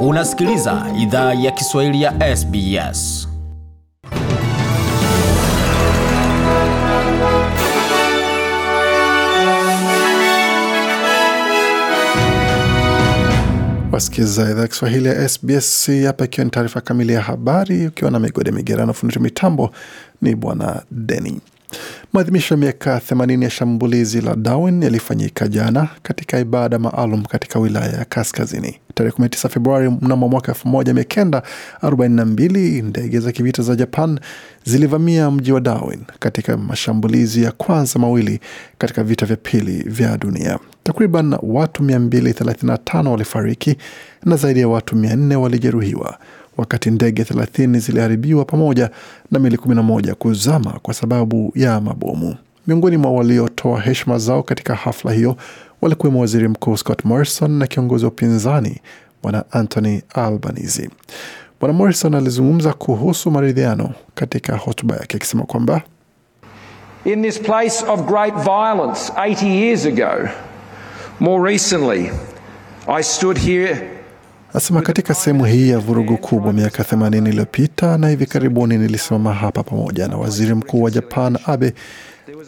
Unasikiliza idhaa ya Kiswahili ya SBS. Wasikiliza idhaa ya Kiswahili ya SBS hapa, ikiwa ni taarifa kamili ya habari, ukiwa na migode migerano. Fundi mitambo ni bwana Deni. Maadhimisho ya miaka 80 ya shambulizi la Darwin yalifanyika jana katika ibada maalum katika wilaya ya Kaskazini. Tarehe 19 Februari mnamo mwaka 1942 ndege za kivita za Japan zilivamia mji wa Darwin katika mashambulizi ya kwanza mawili katika vita vya pili vya dunia. Takriban watu 235 walifariki na zaidi ya watu 400 walijeruhiwa wakati ndege 30 ziliharibiwa pamoja na meli 11 kuzama kwa sababu ya mabomu. Miongoni mwa waliotoa heshima zao katika hafla hiyo walikuwemo waziri mkuu Scott Morrison na kiongozi wa upinzani bwana Anthony Albanese. Bwana Morrison alizungumza kuhusu maridhiano katika hotuba yake akisema kwamba In this place of great violence 80 years ago more recently I stood here Asema katika sehemu hii ya vurugu kubwa miaka 80 iliyopita na hivi karibuni nilisimama hapa pamoja na waziri mkuu wa Japan Abe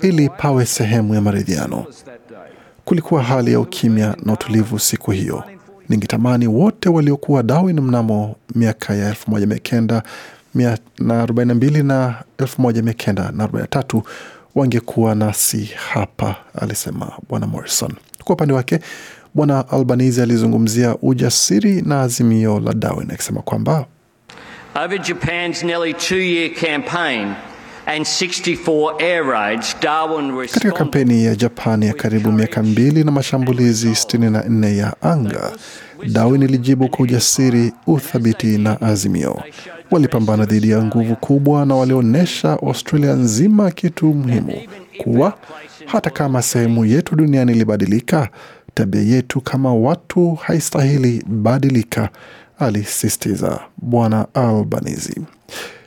ili pawe sehemu ya maridhiano. Kulikuwa hali ya ukimya na utulivu siku hiyo. Ningetamani wote waliokuwa Darwin mnamo miaka ya 1942 na 1943 wangekuwa nasi hapa, alisema Bwana Morrison. Kwa upande wake Bwana Albanese alizungumzia ujasiri na azimio la Darwin akisema kwamba Over Japan's nearly two-year campaign katika kampeni ya Japani ya karibu miaka mbili na mashambulizi 64 ya anga, Darwin ilijibu kwa ujasiri, uthabiti na azimio. Walipambana dhidi ya nguvu kubwa na walionyesha Australia nzima kitu muhimu kuwa hata kama sehemu yetu duniani ilibadilika, tabia yetu kama watu haistahili badilika, alisisitiza Bwana Albanese.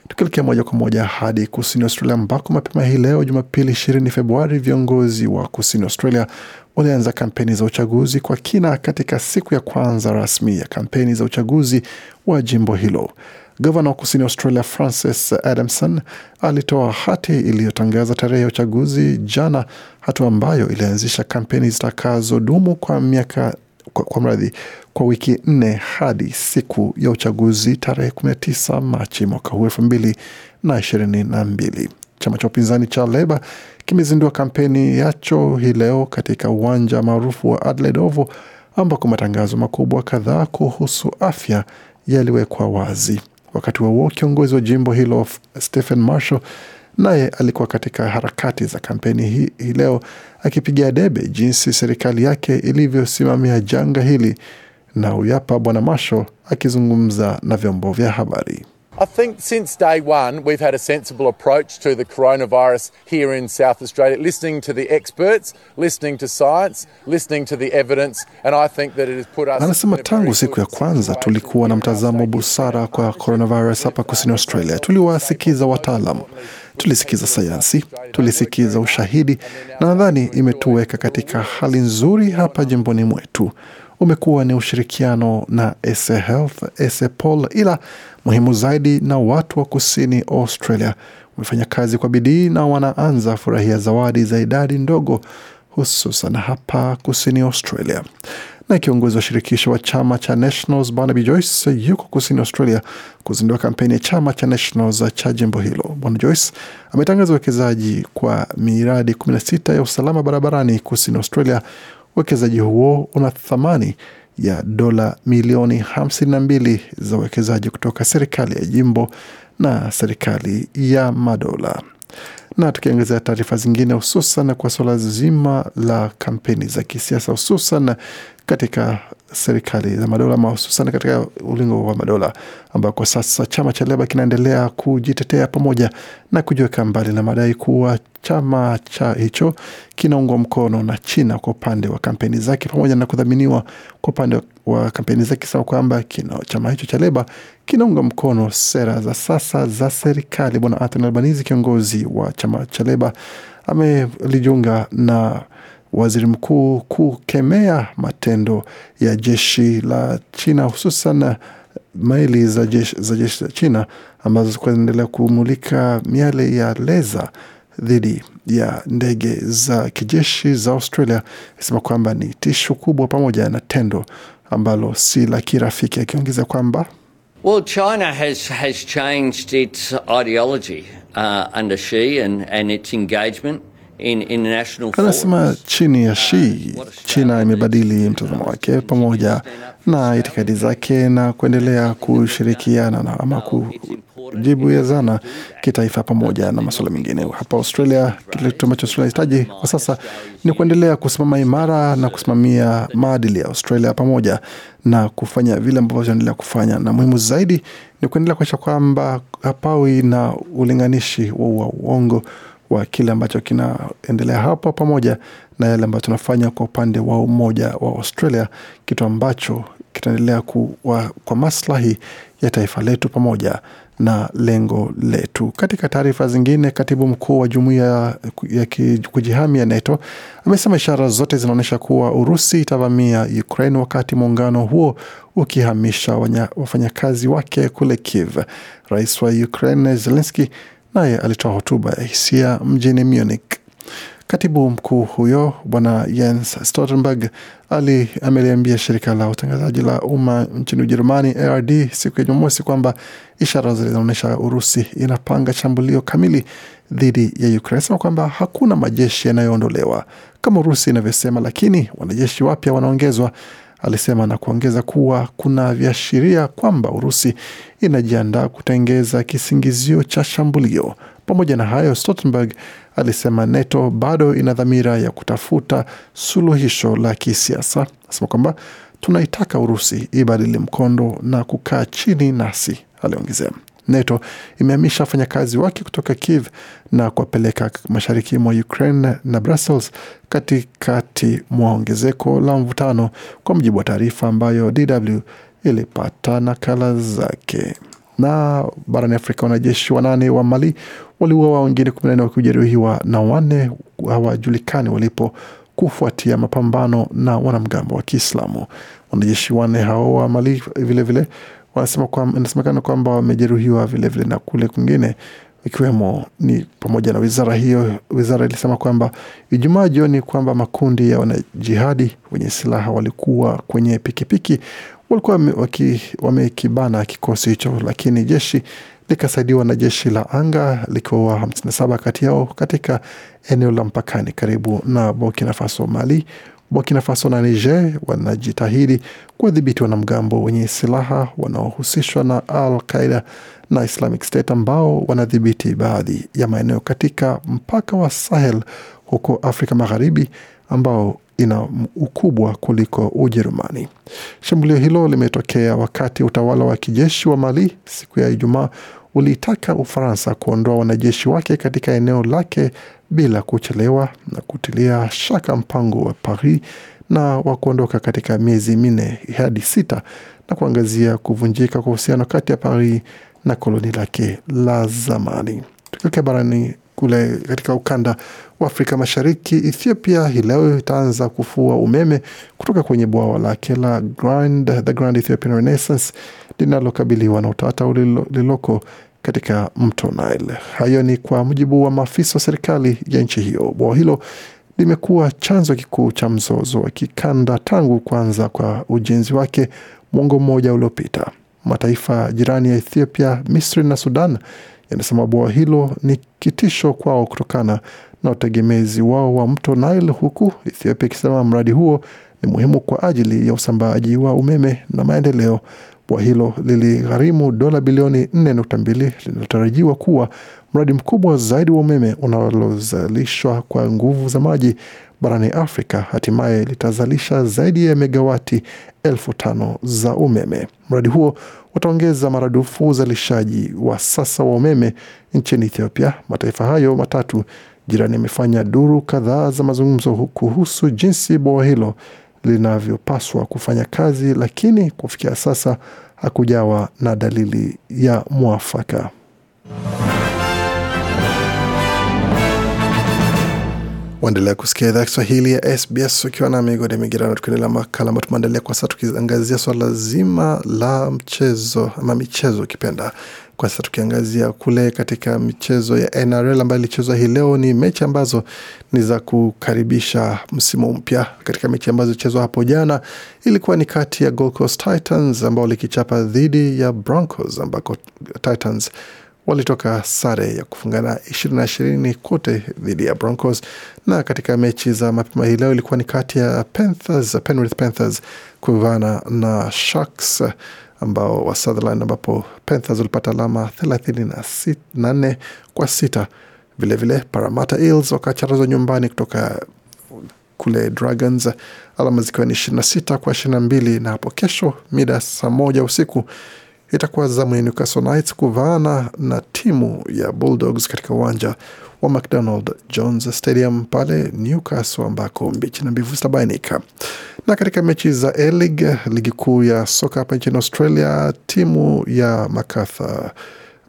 Tukielekea moja kwa moja hadi kusini Australia, ambako mapema hii leo Jumapili ishirini Februari, viongozi wa kusini Australia walianza kampeni za uchaguzi kwa kina katika siku ya kwanza rasmi ya kampeni za uchaguzi wa jimbo hilo. Gavana wa kusini Australia Francis Adamson alitoa hati iliyotangaza tarehe ya uchaguzi jana, hatua ambayo ilianzisha kampeni zitakazodumu kwa miaka kwa, kwa mradhi kwa wiki nne hadi siku ya uchaguzi tarehe 19 Machi mwaka huu elfu mbili na ishirini na mbili. Chama cha upinzani cha Leba kimezindua kampeni yacho hii leo katika uwanja maarufu wa Adelaide Oval ambako matangazo makubwa kadhaa kuhusu afya yaliwekwa wazi. Wakati huo kiongozi wa jimbo hilo Stephen Marshall naye alikuwa katika harakati za kampeni hii hi leo akipigia debe jinsi serikali yake ilivyosimamia janga hili na uyapa Bwana Masho akizungumza na vyombo vya habari. I think since day one, we've had a sensible approach to the coronavirus here in South Australia, listening to the experts, listening to science, listening to the evidence, and I think that it has put us. Anasema tangu siku ya kwanza tulikuwa na mtazamo busara kwa coronavirus hapa kusini Australia. Tuliwasikiza wataalam, tulisikiza sayansi, tulisikiza ushahidi, na nadhani imetuweka katika hali nzuri hapa jimboni mwetu umekuwa ni ushirikiano na SA Health, SA ila muhimu zaidi na watu wa kusini Australia wamefanya kazi kwa bidii na wanaanza furahia zawadi za idadi ndogo hususan hapa kusini Australia. Na kiongozi wa shirikisho wa chama cha Nationals Barnaby Joyce yuko kusini Australia kuzindua kampeni ya chama cha Nationals cha jimbo hilo. Bwana Joyce ametangaza uwekezaji kwa miradi 16 ya usalama barabarani kusini Australia, Uwekezaji huo una thamani ya dola milioni 52 za uwekezaji kutoka serikali ya jimbo na serikali ya madola. Na tukiangazia taarifa zingine, hususan kwa suala zima la kampeni za kisiasa, hususan katika serikali za madola mahususan katika ulingo wa madola, kwa sasa chama cha Leba kinaendelea kujitetea pamoja na kujiweka mbali na madai kuwa chama cha hicho kinaungwa mkono na China kwa upande wa kampeni zake pamoja na kudhaminiwa kwa upande wa kampeni zake, sawa kwamba chama hicho cha Leba kinaunga mkono sera za sasa za serikali. Bwana Anthony Albanese, kiongozi wa chama cha Leba, amelijiunga na waziri mkuu kukemea matendo ya jeshi la China, hususan meli za jeshi, za jeshi la China ambazo zilikuwa zinaendelea kumulika miale ya leza dhidi ya ndege za kijeshi za Australia, akisema kwamba ni tishu kubwa pamoja na tendo ambalo si la kirafiki, akiongeza kwamba Well, China has, has changed its ideology uh, under Xi and, and its engagement Anasema chini ya Xi, uh, China imebadili mtazamo wake pamoja na itikadi zake na kuendelea kushirikiana na ama kujibu zana kitaifa pamoja na masuala mengine. Hapa Australia, kile kitu ambacho inahitaji kwa sasa ni kuendelea kusimama imara na kusimamia maadili ya Australia pamoja na kufanya vile ambavyo vinaendelea kufanya, na muhimu zaidi ni kuendelea kuakisha kwamba hapawi na ulinganishi wa uongo wa kile ambacho kinaendelea hapa pamoja na yale ambayo tunafanya kwa upande wa umoja wa Australia, kitu ambacho kitaendelea kwa maslahi ya taifa letu pamoja na lengo letu. Katika taarifa zingine, katibu mkuu wa jumuiya ya kujihami ya NATO amesema ishara zote zinaonyesha kuwa Urusi itavamia Ukraine wakati muungano huo ukihamisha wafanyakazi wake kule Kiev. Rais wa Ukraine Zelenski naye alitoa hotuba ya hisia mjini Munich. Katibu mkuu huyo Bwana Jens Stoltenberg ameliambia shirika la utangazaji la umma nchini Ujerumani ARD siku ya Jumamosi kwamba ishara zilizoonyesha Urusi inapanga shambulio kamili dhidi ya Ukraine sema kwamba hakuna majeshi yanayoondolewa kama Urusi inavyosema, lakini wanajeshi wapya wanaongezwa alisema na kuongeza kuwa kuna viashiria kwamba Urusi inajiandaa kutengeza kisingizio cha shambulio. Pamoja na hayo, Stoltenberg alisema NATO bado ina dhamira ya kutafuta suluhisho la kisiasa. Anasema kwamba tunaitaka Urusi ibadili mkondo na kukaa chini nasi, aliongezea. NATO imehamisha wafanyakazi wake kutoka Kiev na kuwapeleka mashariki mwa Ukraine na Brussels, katikati mwa ongezeko la mvutano, kwa mujibu wa taarifa ambayo DW ilipata nakala zake. Na barani Afrika, wanajeshi wanane wa Mali waliuawa, wengine kumi na nne wakijeruhiwa na wanne hawajulikani walipo kufuatia mapambano na wanamgambo wa Kiislamu wanajeshi wanne hao wa Mali vilevile inasemekana kwamba wamejeruhiwa vilevile, na kule kwingine ikiwemo ni pamoja na wizara hiyo. Wizara ilisema kwamba Ijumaa jioni kwamba makundi ya wanajihadi wenye silaha walikuwa kwenye pikipiki, walikuwa wamekibana kikosi hicho, lakini jeshi likasaidiwa na jeshi la anga likiwa 57 kati yao katika eneo la mpakani karibu na Burkina Faso, Mali. Burkina Faso na Niger wanajitahidi kuwadhibiti wanamgambo wenye silaha wanaohusishwa na Al Qaida na Islamic State ambao wanadhibiti baadhi ya maeneo katika mpaka wa Sahel huko Afrika Magharibi, ambao ina ukubwa kuliko Ujerumani. Shambulio hilo limetokea wakati utawala wa kijeshi wa Mali siku ya Ijumaa uliitaka Ufaransa kuondoa wanajeshi wake katika eneo lake bila kuchelewa na kutilia shaka mpango wa Paris na wa kuondoka katika miezi minne hadi sita na kuangazia kuvunjika kwa uhusiano kati ya Paris na koloni lake la zamani. Tukielekea barani kule katika ukanda wa Afrika Mashariki, Ethiopia hii leo itaanza kufua umeme kutoka kwenye bwawa lake la Grand, the Grand Ethiopian Renaissance linalokabiliwa na utata lililoko katika mto Nile. Hayo ni kwa mujibu wa maafisa wa serikali ya nchi hiyo. Bwawa hilo limekuwa chanzo kikuu cha mzozo wa kikanda tangu kuanza kwa ujenzi wake mwongo mmoja uliopita. Mataifa jirani ya Ethiopia, Misri na Sudan inasema bwawa hilo ni kitisho kwao kutokana na utegemezi wao wa mto Nile, huku Ethiopia ikisema mradi huo ni muhimu kwa ajili ya usambaaji wa umeme na maendeleo Bwawa hilo liligharimu dola bilioni 4.2. Linatarajiwa kuwa mradi mkubwa zaidi wa umeme unalozalishwa kwa nguvu za maji barani Afrika. Hatimaye litazalisha zaidi ya megawati elfu tano za umeme. Mradi huo utaongeza maradufu uzalishaji wa sasa wa umeme nchini Ethiopia. Mataifa hayo matatu jirani amefanya duru kadhaa za mazungumzo kuhusu jinsi bwawa hilo linavyopaswa kufanya kazi, lakini kufikia sasa hakujawa na dalili ya mwafaka. Waendelea kusikia idhaa Kiswahili ya SBS ukiwa na migode migerano, tukiendelea makala ambayo tumeandalia kwa sasa, tukiangazia swala zima la mchezo ama michezo ukipenda kwa sasa tukiangazia kule katika michezo ya NRL ambayo ilichezwa hii leo, ni mechi ambazo ni za kukaribisha msimu mpya. Katika mechi ambazo ilichezwa hapo jana, ilikuwa ni kati ya Gold Coast Titans ambao likichapa dhidi ya Broncos ambako Titans walitoka sare ya kufungana ishirini na ishirini kote dhidi ya Broncos. Na katika mechi za mapema hii leo ilikuwa ni kati ya Panthers, Penrith Panthers kuvana na Sharks ambao wa Sutherland ambapo Panthers walipata alama 34 kwa sita. Vilevile Parramatta Eels wakacharazwa nyumbani kutoka kule Dragons, alama zikiwa ni 26 sita kwa 22. mbili na hapo kesho mida saa moja usiku itakuwa zamu ya Newcastle Knights kuvaana na timu ya Bulldogs katika uwanja wa McDonald Jones Stadium pale Newcastle ambako mbichi na mbivu zitabainika. Na katika mechi za A-League, ligi kuu ya soka hapa nchini Australia, timu ya Macarthur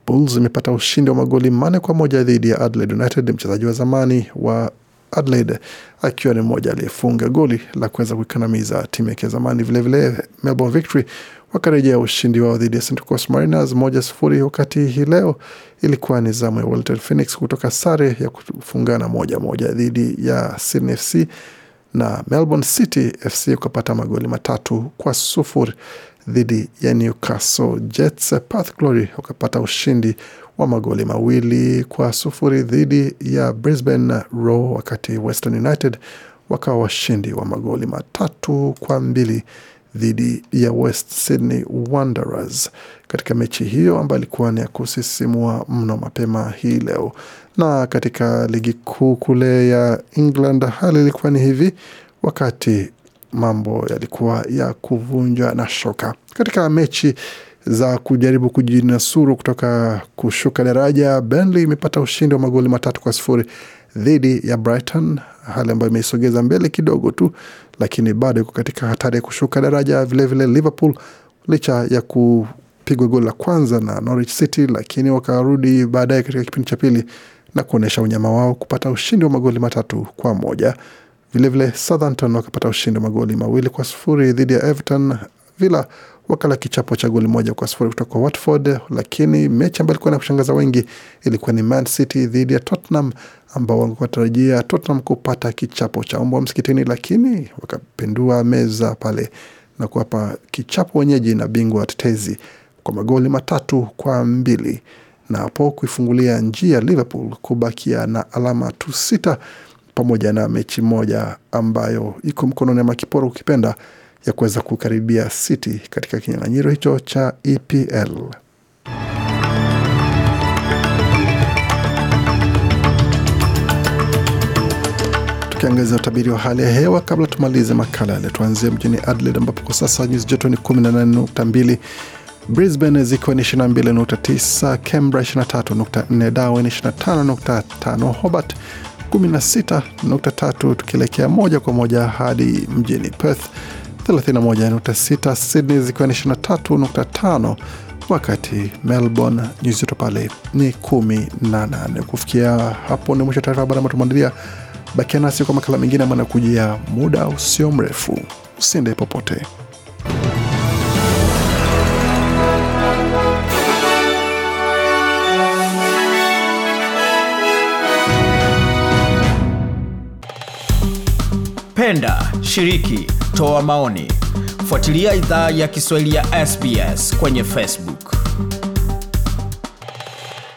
Bulls imepata ushindi wa magoli manne kwa moja dhidi ya Adelaide United. Mchezaji wa zamani wa Adelaide akiwa ni mmoja aliyefunga goli la kuweza kuikandamiza timu yake zamani. Vilevile Melbourne Victory wakarejea ushindi wao dhidi ya Central Coast Mariners moja sifuri, wakati hii leo ilikuwa ni zamu ya Wellington Phoenix kutoka sare ya kufungana moja moja dhidi ya Sydney FC na Melbourne City FC ukapata magoli matatu kwa sufuri dhidi ya Newcastle Jets. Perth Glory ukapata ushindi wa magoli mawili kwa sufuri dhidi ya Brisbane Roar, wakati Western United wakawa washindi wa magoli matatu kwa mbili dhidi ya West Sydney Wanderers katika mechi hiyo ambayo ilikuwa ni ya kusisimua mno mapema hii leo. Na katika ligi kuu kule ya England hali ilikuwa ni hivi, wakati mambo yalikuwa ya kuvunjwa na shoka katika mechi za kujaribu kujinasuru kutoka kushuka daraja. Burnley imepata ushindi wa magoli matatu kwa sifuri dhidi ya Brighton hali ambayo imeisogeza mbele kidogo tu, lakini bado iko katika hatari ya kushuka daraja. Vilevile vile Liverpool licha ya kupigwa goli la kwanza na Norwich City, lakini wakarudi baadaye katika kipindi cha pili na kuonyesha unyama wao kupata ushindi wa magoli matatu kwa moja. Vilevile Southampton wakapata ushindi wa magoli mawili kwa sufuri dhidi ya Everton. Villa wakala kichapo cha goli moja kwa sufuri kutoka Watford, lakini mechi ambayo ilikuwa na kushangaza wengi ilikuwa ni Man City dhidi ya Tottenham ambao watarajia Tottenham kupata kichapo cha mbwa msikitini, lakini wakapindua meza pale na kuwapa kichapo wenyeji na bingwa watetezi kwa magoli matatu kwa mbili na hapo kuifungulia njia Liverpool kubakia na alama tu sita pamoja na mechi moja ambayo iko mkononi ama kiporo ukipenda ya kuweza kukaribia City katika kinyang'anyiro hicho cha EPL. Tukiangazia utabiri wa hali ya hewa kabla tumalize makala yale, tuanzie mjini Adelaide ambapo kwa sasa nyuzi joto ni 18.2 Brisbane zikiwa ni 22.9, Canberra 23.4, Darwin 25.5, Hobart 16.3, tukielekea moja kwa moja hadi mjini Perth 31.6, Sydney zikiwa ni 23.5, wakati Melbourne nyuzi joto pale ni 18. Kufikia hapo ni mwisho taarifa habari ambayo tumeandalia. Bakia nasi kwa makala mengine ambayo nakujia muda usio mrefu. Usiende popote. Penda, shiriki, kutoa maoni. Fuatilia idhaa ya Kiswahili ya SBS kwenye Facebook.